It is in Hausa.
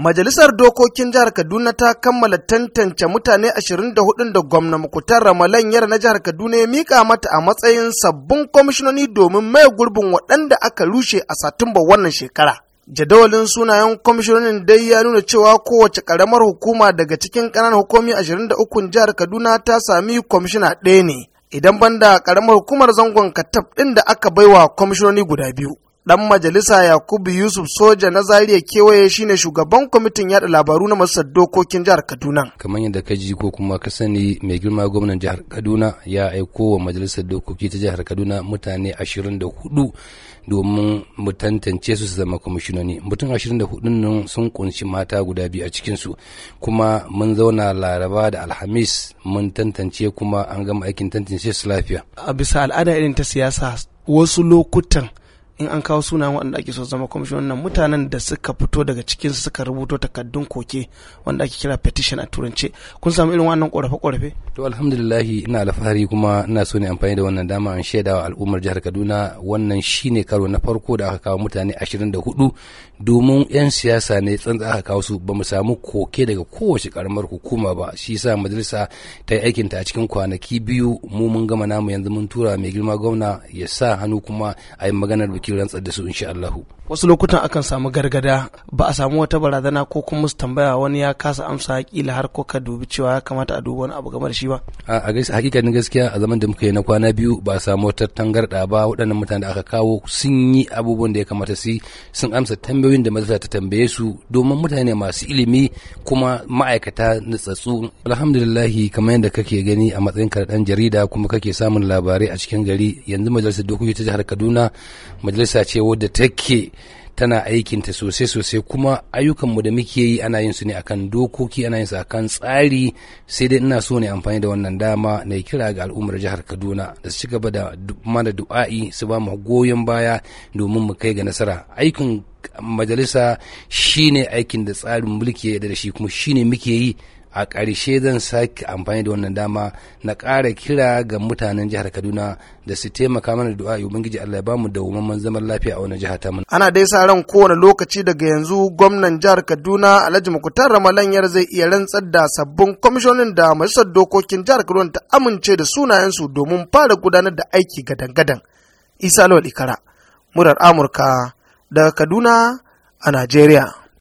Majalisar Dokokin Jihar Kaduna ta kammala tantance mutane 24 da gwamna Mukutar Ramalan yar na Jihar Kaduna ya mika mata a matsayin sabbin kwamishinoni domin mai gurbin waɗanda aka rushe a Satumba wannan shekara. Jadawalin sunayen kwamishinonin dai ya nuna cewa kowace ƙaramar hukuma daga cikin ƙananan hukumi 23 jihar Kaduna ta sami kwamishina ɗaya ne, idan banda ƙaramar hukumar zangon Katab ɗin da aka baiwa kwamishinoni guda biyu. dan majalisa yakubu yusuf soja na zariya kewaye shine shugaban kwamitin yada labaru na masar dokokin jihar kaduna kamar yadda ka ji ko kuma ka sani mai girma gwamnan jihar kaduna ya aiko wa majalisar dokoki ta jihar kaduna mutane 24 domin mu tantance su su zama kwamishinoni mutum 24 nan sun kunshi mata guda biyu a cikinsu kuma mun zauna laraba da alhamis mun tantance kuma an gama aikin tantance su lafiya a bisa al'ada irin ta siyasa wasu lokutan in an kawo suna waɗanda ake so zama kwamishinan nan mutanen da suka fito daga cikin suka rubuto takardun koke wanda ake kira petition a turance kun samu irin wannan korafe korafe to alhamdulillah ina alfahari kuma ina so ne amfani da wannan dama in shaida wa al'ummar jihar Kaduna wannan shine karo na farko da aka kawo mutane 24 domin yan siyasa ne tsantsa aka kawo su bamu samu koke daga kowace karamar hukuma ba shi yasa majalisa ta yi aikinta a cikin kwanaki biyu mu mun gama namu yanzu mun tura mai girma gwamna ya sa hannu kuma a yi maganar biki cikin rantsar da su insha Allah wasu lokutan akan samu gargada ba a samu wata barazana ko kuma su tambaya wani ya kasa amsa kila har ko ka dubi cewa ya kamata a dubi wani abu game da shi ba a hakikanin gaskiya a zaman da muka yi na kwana biyu ba a samu wata tangarda ba waɗannan mutane da aka kawo sun yi abubuwan da ya kamata su sun amsa tambayoyin da majalisa ta tambaye su domin mutane masu ilimi kuma ma'aikata na tsatsu. alhamdulillah kamar yadda kake gani a matsayin karɗan jarida kuma kake samun labarai a cikin gari yanzu majalisar dokoki ta jihar kaduna majalisar majalisa ce wadda take tana aikinta sosai-sosai kuma ayyukanmu da muke yi ana yin su ne akan dokoki ana yin su akan tsari sai dai ina so ne amfani da wannan dama na kira ga al'ummar jihar kaduna da su ci gaba da mana du'a'i su ba mu goyon baya domin mu kai ga nasara aikin majalisa shine aikin da tsarin mulki ya da shi kuma shine muke yi a ƙarshe zan sake amfani da wannan dama na ƙara kira ga mutanen jihar kaduna da su taimaka mana da du'a ubangiji allah ya bamu dawwammamin zaman lafiya a wannan jihar ta ana dai sa ran kowane lokaci daga yanzu gwamnan jihar kaduna alhaji mukutar ramalanyar zai iya rantsar da sabbin kwamishonin da majalisar dokokin jihar kaduna ta amince da sunayensu domin fara gudanar da aiki gadan-gadan isa lawal ikara murar amurka daga kaduna a najeriya